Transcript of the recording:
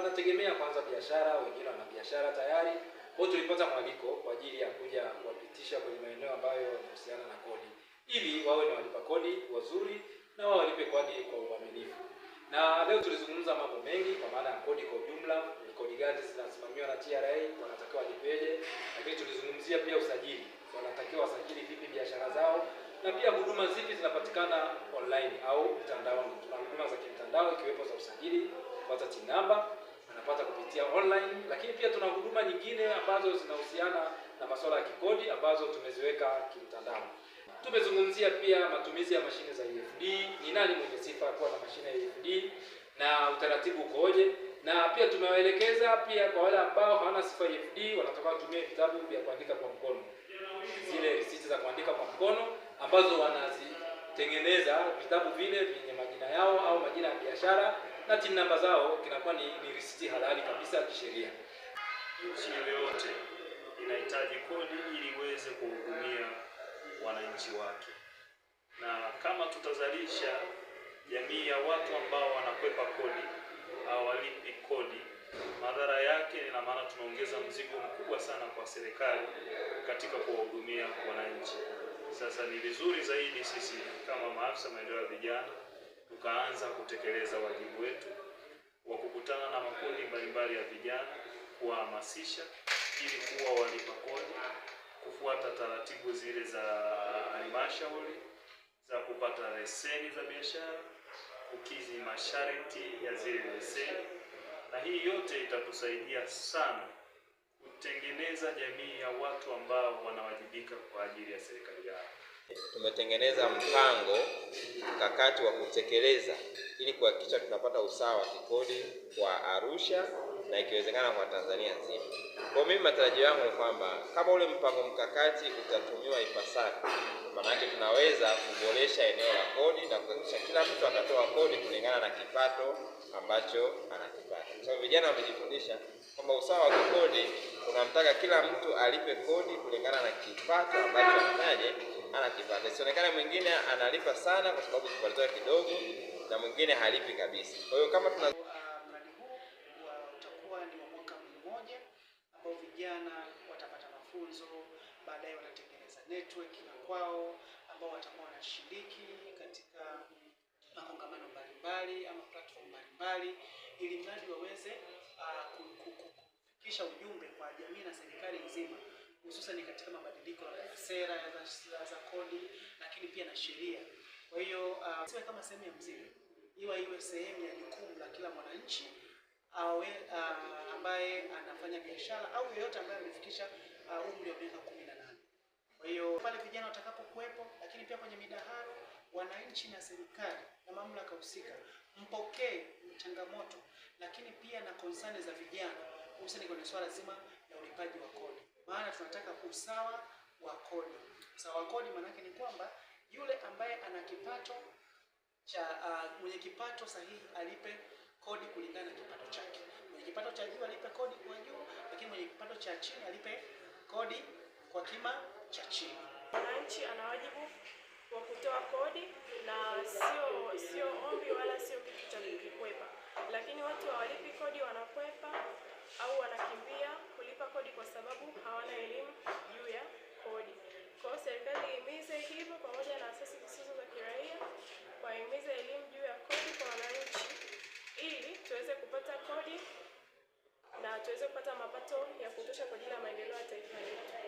wanategemea kwanza biashara, wengine wana biashara tayari. Kwa hiyo tulipata mwaliko kwa ajili ya kuja kuwapitisha kwenye maeneo ambayo yanahusiana na kodi ili wawe na walipa kodi wazuri na wao walipe kodi kwa uaminifu. Na leo tulizungumza mambo mengi kwa maana ya kodi kwa ujumla, ni kodi gani zinasimamiwa na TRA, wanatakiwa walipeje, lakini tulizungumzia pia usajili, wanatakiwa wasajili vipi biashara zao na pia huduma zipi zinapatikana online au mtandaoni. Tuna huduma za kimtandao ikiwepo za usajili, kupata TIN namba online, lakini pia tuna huduma nyingine ambazo zinahusiana na masuala ya kikodi ambazo tumeziweka kimtandao. Tumezungumzia pia matumizi ya mashine za EFD, ni nani mwenye sifa ya kuwa na mashine ya EFD na utaratibu ukoje, na pia tumewaelekeza pia kwa wale ambao hawana sifa ya EFD wanataka kutumia vitabu vya kuandika kwa mkono, zile risiti za kuandika kwa mkono ambazo wanazitengeneza vitabu vile vyenye majina yao au majina ya biashara na TIN namba zao kinakuwa ni, ni risiti halali kabisa ya kisheria. Nchi yoyote inahitaji kodi ili iweze kuhudumia wananchi wake, na kama tutazalisha jamii ya watu ambao wanakwepa kodi, hawalipi kodi, madhara yake ina maana tunaongeza mzigo mkubwa sana kwa serikali katika kuwahudumia wananchi. Sasa ni vizuri zaidi sisi kama maafisa maendeleo ya vijana tukaanza kutekeleza wajibu wetu wa kukutana na makundi mbalimbali ya vijana, kuwahamasisha ili kuwa walipa kodi, kufuata taratibu zile za halmashauri za kupata leseni za biashara, kukizi masharti ya zile leseni, na hii yote itatusaidia sana kutengeneza jamii ya watu ambao wanawajibika kwa ajili ya serikali yao. Tumetengeneza mpango mkakati wa kutekeleza ili kuhakikisha tunapata usawa kikodi kwa Arusha na ikiwezekana kwa Tanzania nzima. Kwa mimi matarajio yangu ni kwamba kama ule mpango mkakati utatumiwa ipasavyo, yake tunaweza kuboresha eneo la kodi na kuhakikisha kila mtu akatoa kodi kulingana na kipato ambacho anakipata, kwa sababu vijana wamejifundisha kwamba usawa wa kikodi tunamtaka kila mtu alipe kodi kulingana na kipato ambacho anafanyaje kipato. isionekane mwingine analipa sana kwa sababu kipato chake kidogo na mwingine halipi kabisa. Kwa hiyo kama tuna uh, mradi huu utakuwa ni wa mwaka mmoja, ambao vijana watapata mafunzo, baadaye watatengeneza network na kwao, ambao watakuwa wanashiriki katika makongamano mbalimbali ama platform mbalimbali, ili mradi waweze uh, kufikisha ujumbe kwa jamii na serikali nzima, hususan katika mabadiliko ya sera za, za kodi, lakini pia na sheria. Kwa hiyo uh, siwe kama sehemu ya mzigo, iwa iwe sehemu ya jukumu la kila mwananchi awe uh, ambaye anafanya biashara au yeyote ambaye amefikisha uh, umri wa miaka kumi na nane. Kwa hiyo pale vijana watakapokuwepo, lakini pia kwenye midaharo, wananchi na serikali na mamlaka husika mpokee changamoto, lakini pia na konsani za vijana hususani kwenye swala zima la ulipaji wa kodi, maana tunataka usawa wa kodi. Usawa wa kodi maanake ni kwamba yule ambaye ana kipato cha uh, mwenye kipato sahihi alipe kodi kulingana na kipato chake. Mwenye kipato cha juu alipe kodi kwa juu, lakini mwenye kipato cha chini alipe kodi kwa kima cha chini. Mwananchi ana wajibu wa kutoa kodi na sio sio ombi wala kupata mapato ya kutosha kwa ajili ya maendeleo ya taifa letu.